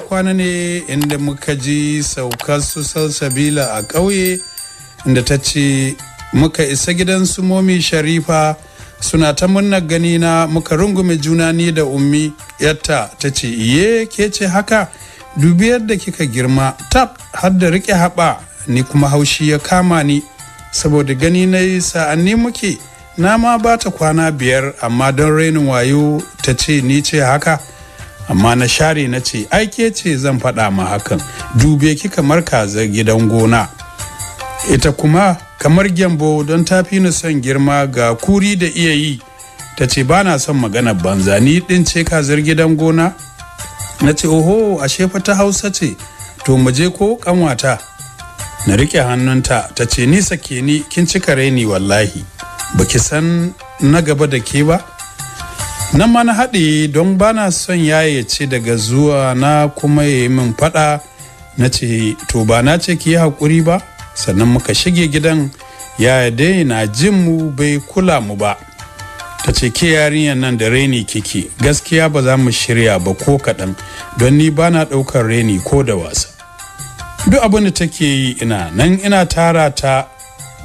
kwana ne inda muka ji saukar su salsabila a ƙauye inda ta ce muka isa gidan su momi sharifa suna ta munna gani na muka rungume juna ni da ummi yatta ta ce iye ke ce haka dubi yadda kika girma tap har da rike haɓa ni kuma haushi ya kama ni saboda gani na yi sa'anni muke na ma ba ta kwana biyar amma don rainin wayo ta ce ni ce haka amma na share na ce aike ce zan faɗa ma hakan dube ki kamar kaza gidan gona ita kuma kamar gyambo don tafi ni son girma ga kuri da iya yi ta ce ba na son magana banza ni ɗin ce kazar gidan gona na ce oho a shefa ta hausa ce to muje ko kanwata na riƙe hannunta ta ce ni sake ni kin cika raini wallahi baki san na gaba da ke ba nan ma na haɗe don ba na son yaye ce daga zuwa na kuma ya yi min faɗa na ce to ba na ce ki yi haƙuri ba sannan muka shige gidan ya dai na jin mu bai kula mu ba ta ce ke yarinyar nan da reni kiki gaskiya ba za mu shirya ba ko kaɗan don ni ba na ɗaukar reni ko da wasa duk abin da take yi ina nan ina tara ta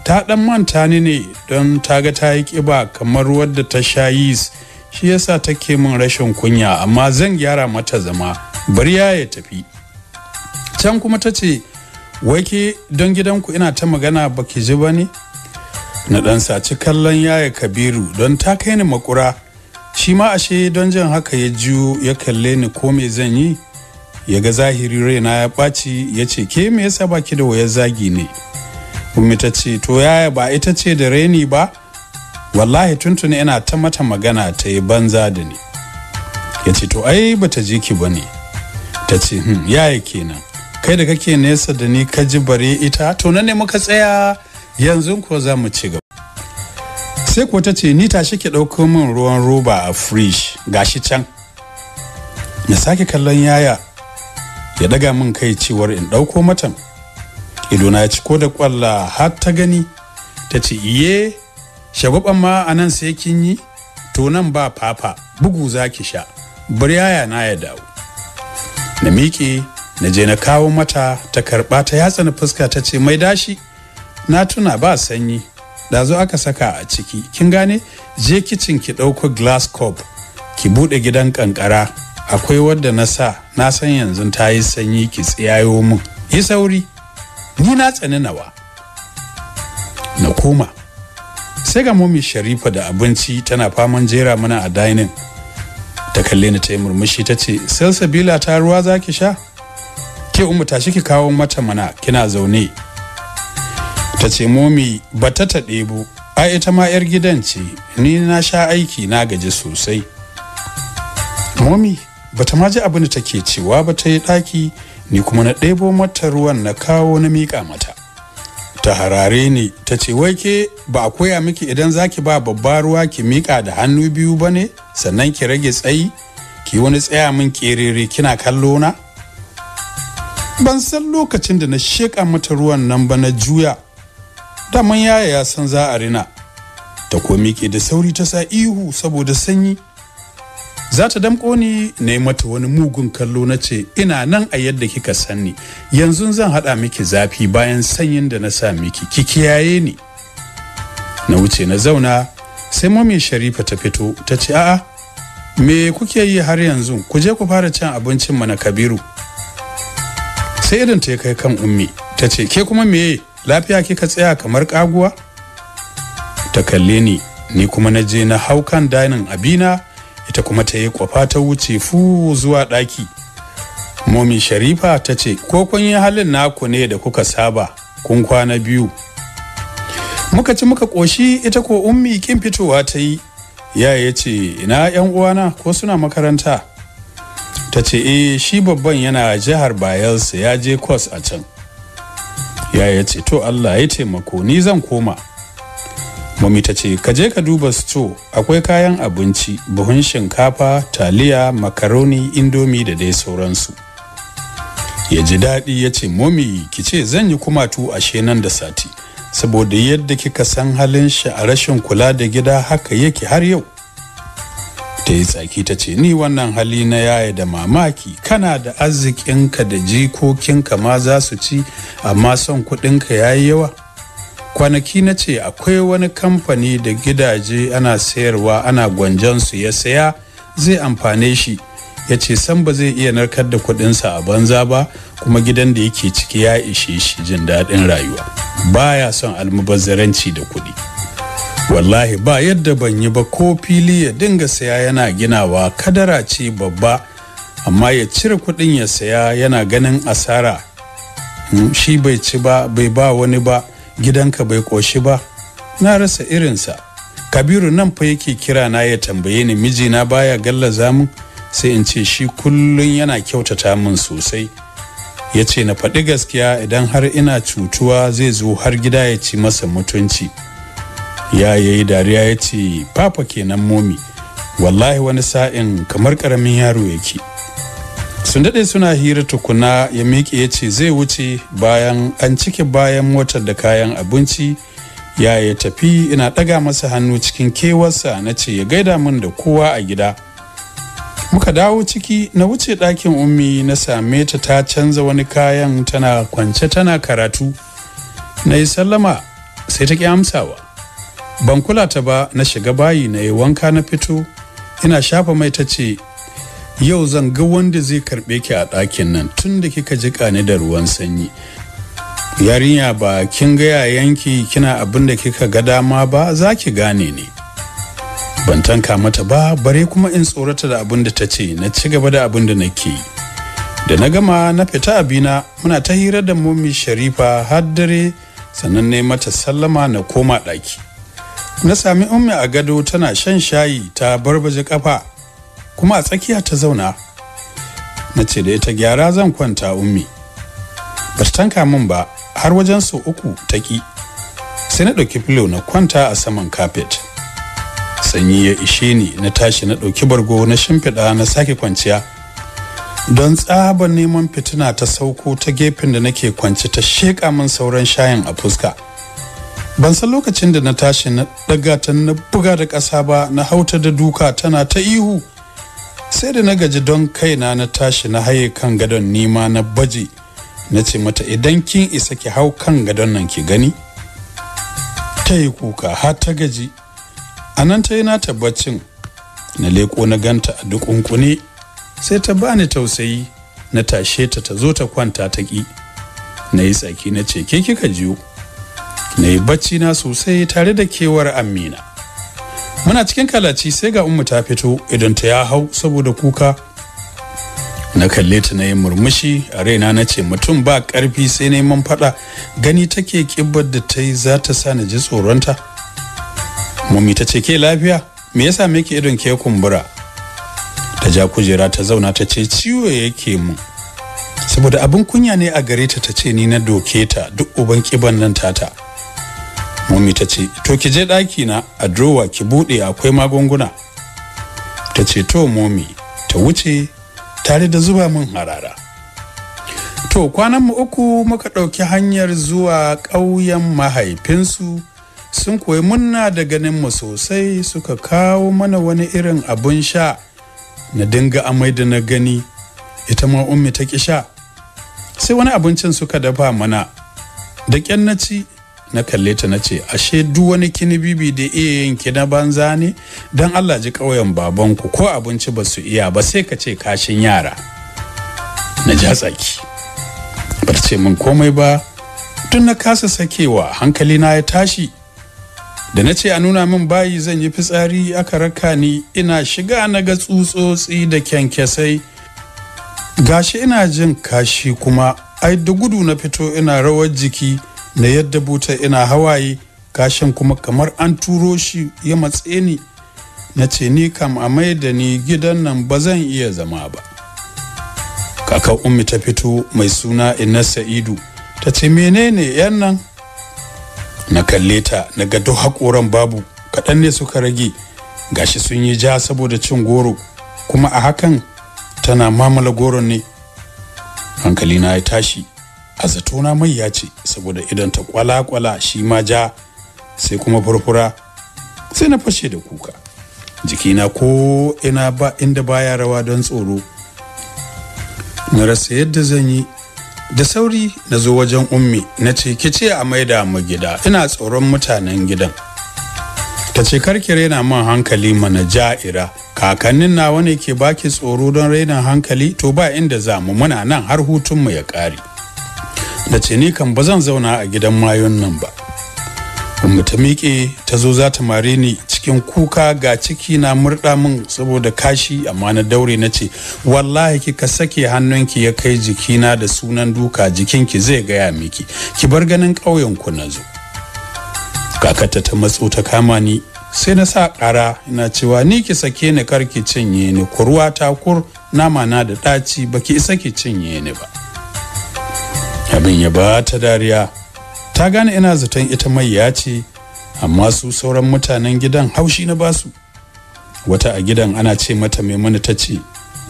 ta ɗan manta ni ne don ta ga ta yi ƙiba kamar wadda ta sha yis shi yasa take min rashin kunya amma zan gyara mata zama bari ya tafi can kuma ta ce wai don gidanku ina ta magana baki ji ba ne na dan saci kallon yaya kabiru don ta kai ni makura shi ma ashe don jin haka ya jiyo ya kalle ni ko me zan yi ya ga zahiri raina ya ɓaci ya ce ke me yasa baki da wayar zagi ne ummi ta ce to yaya ba ita ce da raini ba wallahi tuntuni ina ta mata magana ta yi banza da ni ya ce to ai ba ta ji ki ba ne. ta ce hmm, yaya kenan kai da kake nesa da ni ka ji bare ita to na ne muka tsaya yanzu ko za mu ci gaba sai ko ta ce ni tashi ki ɗauko min ruwan roba a ga shi can Ya sake kallon yaya ya daga min kai cewar in ɗauko matan idona ya ci ko da kwalla har ta gani ta ce iye shagwaban ma a nan sai kin yi to nan ba fafa bugu za ki sha yaya na ya dawo na miƙe na je na kawo mata ta karɓa ta yatsa na fuska ta ce mai dashi na tuna ba sanyi ɗazu aka saka a ciki kin gane je kicin ki ɗauko glass cup ki buɗe gidan ƙanƙara akwai wadda na sa na san yanzu ta yi sanyi ki tsiyayo min yi sauri ni na tsani nawa na koma sai ga momi sharifa da abinci tana faman jera mana a dainin ta kalle ni ta yi murmushi ta ce salsabila ta ruwa za ki sha ke umu tashi ki kawo mata mana kina zaune ta ce momi ba ta taɗe bu a ita ma 'yar gidan ce ni na sha aiki na gaji sosai momi ba ta maji abin da take cewa ba ta yi ɗaki ni kuma na ɗebo mata ruwan na kawo na miƙa mata ta harare ne ta ce wai ke ba a koya miki idan zaki ba babba ruwa ki miƙa da hannu biyu ba ne sannan ki rage tsayi ki wani tsaya min ƙerere kina kallo na ban san lokacin da na sheƙa mata ruwan nan ba na juya daman yaya ya san za a rina ta komi ke da sauri ta sa ihu saboda sanyi za ta damƙo ni na yi mata wani mugun kallo na ce ina nan a yadda kika sanni yanzu zan haɗa miki zafi bayan sanyin da na sa miki ki kiyaye ni na wuce na zauna sai mami sharifa ta fito ta ce a'a me kuke yi har yanzu ku je ku fara cin abincin mana kabiru sai irin ta kai kan ummi ta ce ke kuma me lafiya kika tsaya kamar kaguwa ta kalle ni ni kuma na je na hau kan danin abina ita kuma ta yi kwafa ta wuce fu zuwa ɗaki momi sharifa ta ce ko kun yi halin naku ne da kuka saba kun kwana biyu muka ci muka ƙoshi ita ko ummi kin fitowa ta yi ya ce ina yan uwana ko suna makaranta ta ce eh shi babban yana jihar bayelsa ya je kwas a can ya ce to allah ya taimako ni zan koma mami ta ce ka je ka duba sto akwai kayan abinci buhun shinkafa taliya makaroni indomi da dai sauransu ya ji daɗi ya ce momi ki ce zan yi kumatu ashe nan da sati saboda yadda kika san halin shi a rashin kula da gida haka yake har yau ta yi tsaki ta ce ni wannan hali na yaya da mamaki kana da arzikinka da jikokinka ma za su ci amma son kuɗinka ya yi yawa kwanaki na ce akwai wani kamfani da gidaje ana sayarwa ana gwanjansu ya saya zai amfane shi ya ce san ba zai iya narkar da kudinsa a banza ba kuma gidan da yake ciki ya ishe shi jin daɗin rayuwa baya son almubazzaranci da kuɗi wallahi ba yadda ban yi ba ko fili ya dinga saya yana ginawa kadara ce babba amma ya cire kuɗin ya saya yana ganin asara hmm, shi bai ci ba bai ba wani ba gidanka bai koshi ba na rasa irinsa kabiru nan fa yake kira na ya tambaye ni mijina baya gallaza mun sai in ce shi kullun yana kyautata min sosai ya ce na faɗi gaskiya idan har ina cutuwa zai zo har gida ya ci masa mutunci ya yayi dariya ya ce papa kenan momi wallahi wani sa'in kamar ƙaramin yaro yake sun daɗe suna hira tukuna ya miƙe ya ce zai wuce bayan an cike bayan motar da kayan abinci ya ya tafi ina ɗaga masa hannu cikin kewarsa na ce ya gaida min da kowa a gida muka dawo ciki na wuce ɗakin ummi na same ta ta canza wani kayan tana kwance tana karatu na yi sallama sai ta ƙi amsawa ban kula ta ba na shiga bayi na yi wanka na fito ina shafa mai ta yau zan ga wanda zai karɓe ki a ɗakin nan tun da kika jiƙa ni da ruwan sanyi yarinya ba kin ga yayanki kina abin da kika ga dama ba za ki gane ne ban tanka mata ba bare kuma in tsorata da abin da ta ce na ci gaba da abin da nake da na gama na fita abina muna ta hira da mummi sharifa har dare sannan ne mata sallama na koma ɗaki na sami ummi a gado tana shan shayi ta barbaje kafa kuma a tsakiya ta zauna na ce da ita gyara zan kwanta ummi ba ta tanka min ba har wajen sau uku ta ki sai na ɗauki filo na kwanta a saman kafet sanyi ya ishe ni na tashi na ɗauki bargo na shimfiɗa na sake kwanciya don tsaba neman fitina ta sauko ta gefen da nake kwance ta sheƙa min sauran shayin a fuska ban san lokacin da na tashi na ɗaga ta na buga da ƙasa ba na hauta da duka tana ta ihu sai da na gaji don kaina na tashi na haye kan gadon nima na baje na ce mata idan kin isa ki hau kan gadon nan ki gani ta yi kuka har ta gaji a nan ta yi na tabbacin na leko na ganta a dukunkune sai ta bani tausayi na tashe ta ta zo ta kwanta ta ki na yi tsaki na ce ke kika jiyo na yi bacci na sosai tare da kewar amina muna cikin kalaci sai ga Umu ta fito idan ta ya hau saboda kuka na kalle ta na yi murmushi a raina na ce mutum ba karfi sai neman fada gani take kibbar da ta yi za ta sa na ji tsoronta mummi ta ce ke lafiya me yasa ke idon ke kumbura ta ja kujera ta zauna ta ce ciwo yake mu saboda abin kunya ne a gare ta ta ce ni na doke ta duk uban ƙiban nan tata mummy ta ce to ki je daki na a drowa ki bude akwai magunguna ta ce to mummy ta wuce tare da zuba mun harara to kwanan mu uku muka ɗauki hanyar zuwa ƙauyen mahaifinsu sun koyi munna da ganin mu sosai suka kawo mana wani irin abun sha na dinga amai da na gani ita ma ummi ta ki sha sai wani abincin suka dafa mana da ƙyan na ci na kalle ta na ce ashe duk wani kini bibi da iya yanki na banza ne don allah ji ƙauyen babanku ko abinci ba su iya ba sai ka ce kashin yara na ja tsaki bar ce min komai ba tun na kasa sakewa hankali na ya tashi da nace a nuna min bayi zan yi fitsari aka raka ni ina shiga na ga tsutsotsi da kyankyasai gashi ina jin kashi kuma ai da gudu na fito ina rawar jiki na yadda buta ina hawaye gashin kuma kamar an turo shi ya matse ni na ce ni kam a mai da ni gidan nan ba zan iya zama ba kakar ummi ta fito mai suna inna sa'idu ta ce menene yan nan na kalle ta na ga duk haƙoran babu kaɗan ne suka rage gashi sun yi ja saboda cin goro kuma a hakan tana mamala goron ne hankali na ya tashi a zatona mai ya ce saboda idan ta kwala-kwala shi ma ja sai kuma furfura sai na fashe da kuka jikina ko ina ba inda baya rawa don tsoro na rasa yadda zan yi da sauri na zo wajen ummi na ce ki ce a maida mu gida ina tsoron mutanen gidan ta ce karki raina man hankali mana ja'ira kakannin nawa ne ke baki tsoro don raina hankali to ba inda za mu muna nan har hutunmu ya kare. na ce ni kan ba zan zauna a gidan mayon nan ba kuma ta miƙe ta zo za ta mare ni cikin kuka ga ciki na murɗa min saboda kashi amma na daure na ce wallahi kika sake hannunki ya kai jikina da sunan duka jikinki zai gaya miki ki bar ganin ƙauyen ku na zo kakata ta matso ta kama ni sai na sa ƙara ina cewa ni ki sake ni karki cinye ni kurwa ta kur nama na da ɗaci baki isa ki cinye ni ba abin ya ba ta dariya ta gane ina zaton ita mai ya ce amma su sauran mutanen gidan haushi na basu wata a gidan ana ce mata maimuna ta ce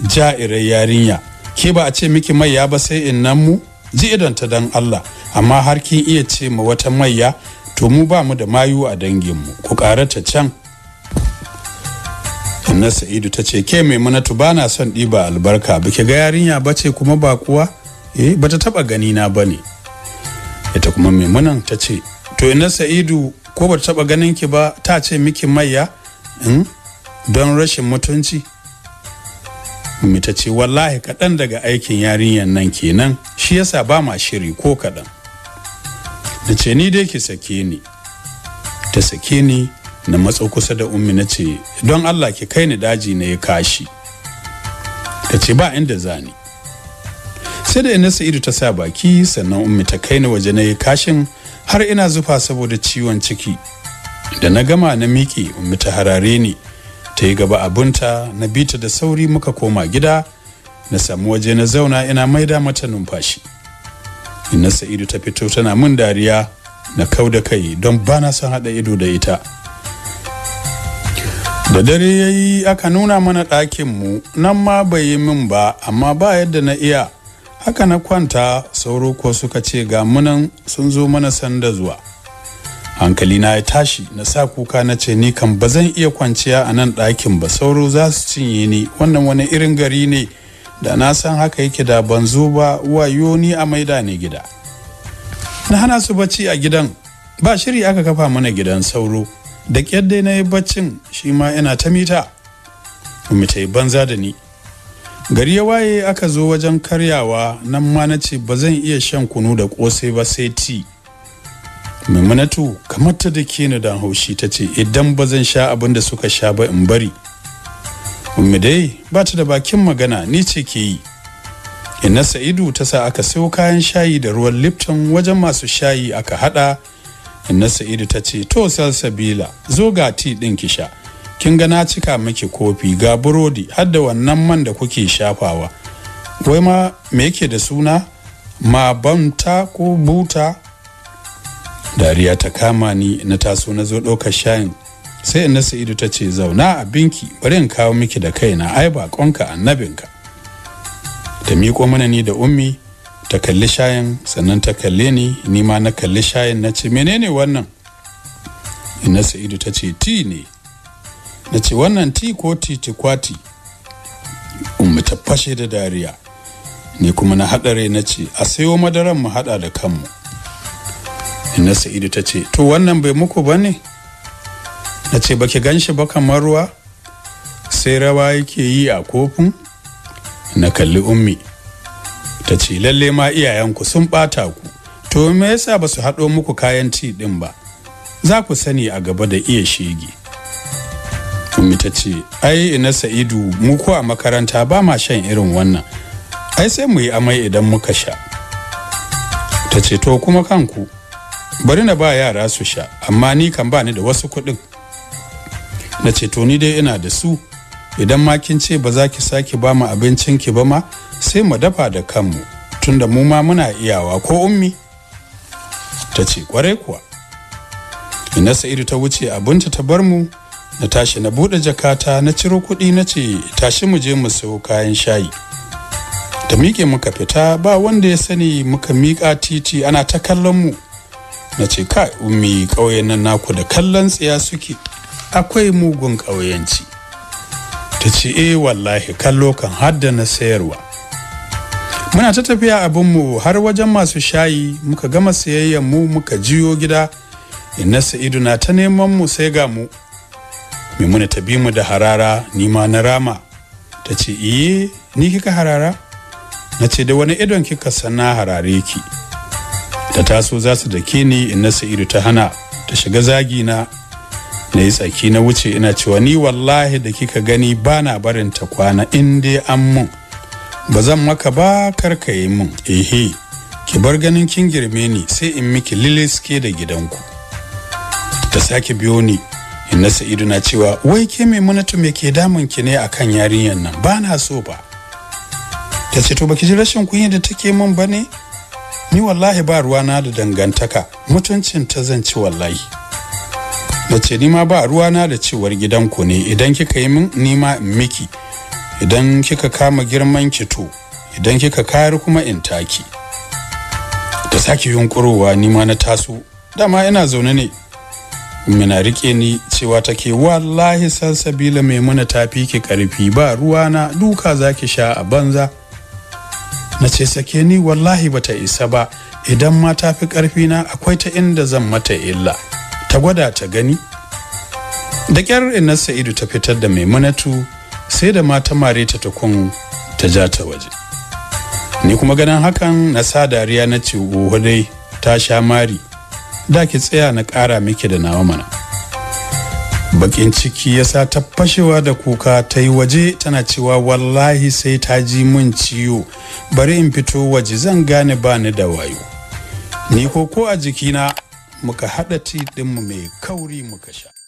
ja'irai yarinya ke ba a ce miki ya ba sai in nan mu ji idon ta dan Allah amma har kin iya ce ma wata maiya to mu ba mu da mayu a dangin mu ku karata can Inna Sa'idu ta ce ke mai manatu ba na son ɗiba albarka ba ga yarinya bace kuma ba kuwa eh bata taba gani na bane ita kuma maimunan ta ce to ina sa'idu ko bata taba ganin ki ba ta ce miki mayya hmm? don rashin mutunci mai ta ce wallahi kaɗan daga aikin yarinyar nan kenan shi yasa ba ma shiri ko kaɗan na ce ni dai ki sake ni ta sake ni na matso kusa da ummi na ce don allah ki kai ni daji na ya kashi ta ce ba inda zani sai da ina sa'idu ta sa baki sannan ummi ta kai ni waje na yi kashin har ina zufa saboda ciwon ciki da na gama na miƙe ummi ta harare ni ta yi gaba abunta na bita da sauri muka koma gida na samu waje na zauna ina maida mata numfashi ina sa'idu ta fito tana min dariya na kau da kai don bana son haɗa ido da ita da dare ya yi aka nuna mana ɗakinmu nan ma bai yi min ba amma ba yadda na iya haka na kwanta sauro kuwa suka ce ga munan sun zo mana sanda zuwa hankali na ya tashi na sa kuka na ce ni kan ba zan iya kwanciya a nan ɗakin ba sauro za su cinye ni wannan wani irin gari ne da na san haka yake da ban zo ba wayo ni a maida ne gida na hana su bacci a gidan ba shiri aka kafa mana gidan sauro da dai na yi baccin shi ma yana ta mita mu ta yi banza da ni gari ya waye aka zo wajen karyawa nan ma na ce ba zan iya shan kunu da kosai ba sai ti maimunatu kamar ta da ke dan haushi ta ce idan ba zan sha abin da suka sha ba in bari ummi dai ba ta da bakin magana ni ce ke yi ina sa'idu ta sa aka sayo kayan shayi da ruwan lipton wajen masu shayi aka hada ina sa'idu ta ce to salsabila zo ga ti din ki sha kin ga na cika miki kofi ga burodi har da wannan man da kuke shafawa wai ma me yake da suna ma banta ko buta dariya ta kama ni na taso na zo ɗaukar shayin sai in Sa'idu ido ta ce zauna a binki bari in kawo miki da kaina ai baƙonka annabinka ta miƙo mana ni da ummi ta kalli shayin sannan ta kalle ni ni ma na kalli shayin na ce menene wannan in Sa'idu ido ta ce ti ne na ce wannan ti ko kwati. umma ta fashe da dariya ne kuma na haɗare na ce a sayo madaran mu haɗa da kanmu na sa'idu ta ce to wannan bai muku ba ne na ce ba baki gan shi ba kamar ruwa sai rawa yake yi a kofin na kalli ummi ta ce lalle ma iyayenku sun ɓata ku to me yasa ba su haɗo muku kayan ti ɗin ba za ku sani a gaba da iya shege Ummi ta ce, "Ai ina Sa'idu mu ko a makaranta ba ma shan irin wannan. Ai sai mu yi amai idan muka sha." Ta ce, "To kuma kanku, bari na ba yara su sha, amma ni kan ba ni da wasu kuɗin." Na ce, "To ni dai ina da su, idan ma kin ce ba za ki sake ba mu abincin ki ba ma, sai mu dafa da kanmu, tunda mu ma muna iyawa ko ummi." Ta ce, "Kwarai kuwa." Ina Sa'idu ta wuce abinci ta bar mu na tashi na bude jakata na ciro kuɗi na ce tashi mu je mu sayo kayan shayi da miƙe muka fita ba wanda ya sani muka miƙa titi ana ta kallon mu na ce ka ummi ƙauyen nan naku da kallon tsiya suke akwai mugun ƙauyenci ta ce e wallahi kallo kan hadda na sayarwa muna ta tafiya mu har wajen masu shayi muka gama sayayyan mu muka jiyo gida inna sa'idu na ta neman mu sai ga mu maimuna ta bi mu da harara ni ma na rama ta ce iye ni kika harara na ce da wani idon kika sana harare ki ta taso za su dake ni in na sa'idu ta hana ta shiga zagi na na yi tsaki na wuce ina cewa ni wallahi da kika gani ba na barin ta kwana in dai an mun ba zan maka ba karka yi mun ehe ki bar ganin kin girme ni sai in miki liliske da gidanku ta sake biyo ni inna sa'idu na cewa wai ke mai munatu me ke damun ki ne akan yarinyar nan ba na so ba ta ce to baki ji rashin kunya da take min ba ne ni wallahi ba ruwa na da dangantaka mutuncin ta zan ci wallahi na ce ni ma ba na da cewar ku ne idan kika yi min ni ma miki idan kika kama girman ki to idan kika kayar kuma in taki da sake yunkurowa ni ma na taso dama ina zaune ne mina rike ni cewa take wallahi salsabila maimuna ta fi ke karfi ba ruwana duka zaki sha a banza na ce sake ni wallahi bata isa ba idan ma ta fi karfi na akwai ta inda zan mata illa ta gwada ta gani da kyar inna sa'idu ta fitar da maimunatu sai da mata mare ta tukun ta ja ta waje ni kuma ganin hakan na sa dariya na ce dai ta sha mari da ki tsaya na ƙara miki da nawa mana bakin ciki ya sa ta fashewa da kuka ta yi waje tana cewa wallahi sai ta ji mun ciwo bari in fito waje zan gane ba ni da wayo ni koko a jikina muka haɗa ti mu mai kauri muka sha